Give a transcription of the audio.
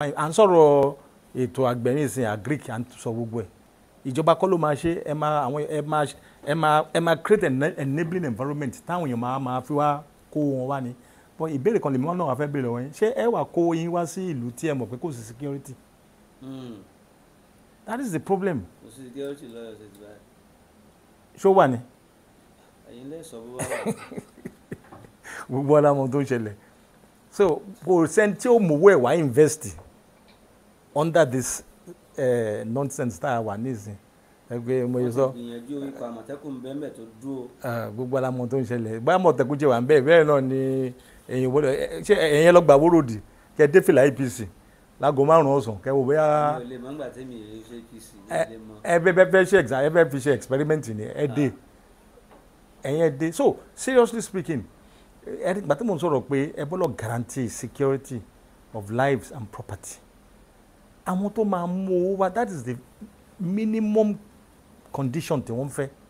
à ń sọ̀rọ̀ ètò àgbẹ̀ nísìn agric à ń sọ gbogbo ẹ̀ ìjọba kọ́ ló máa ṣe ẹ máa àwọn ẹ máa ẹ máa ẹ máa create an enabling environment táwọn èèyàn máa máa fi wá kó wọn wá ni but ìbéèrè kan lèmi náà wà fẹ́ béèrè lọ́wọ́ yín ṣé ẹ wà kó yín wá sí ìlú tí ẹ mọ̀ pé kò sí security hmm. that is the problem. kò sí security lọ́yọ̀ ṣe ti báyìí. ṣó wà ní. ẹ̀yin lè sọ bó bá wà. gbogbo alamọ tó ń ṣẹlẹ̀ so kò sẹ́ni tí ó mọ̀wé wá invest under this uh, nonsense tá a wà nísìn ẹgbẹ́ mo yẹ sọ. ìgbìyànjú ikọ̀ àmọ̀tẹ́kùn bẹ́ẹ̀ mẹ́ tó dúró. Ah, gbogbo alamọ tó ń ṣẹlẹ̀ bá àmọ̀tẹ́kùn jẹ wà ń bẹ́ẹ̀ bẹ́ẹ̀ náà ni èyìn wọlé eh, ṣé ẹ̀yìn lọ́gbà wóròdì kẹ́ dé fìlà APC láago márùn-ún ọ̀sán kẹ́wọ́ bóyá. Eh, ẹ bẹ bẹ fẹ ṣe exam ẹ bẹ fi ṣe experiment ni ẹ dé ah. ẹ̀yìn ẹ dé so seriously speaking ẹ gbàtí mo sọ̀rọ̀ pé ẹ bọ́lọ̀ guarantee security of lives and property àwọn tó máa mú owó wá that is the minimum condition tí wọ́n fẹ́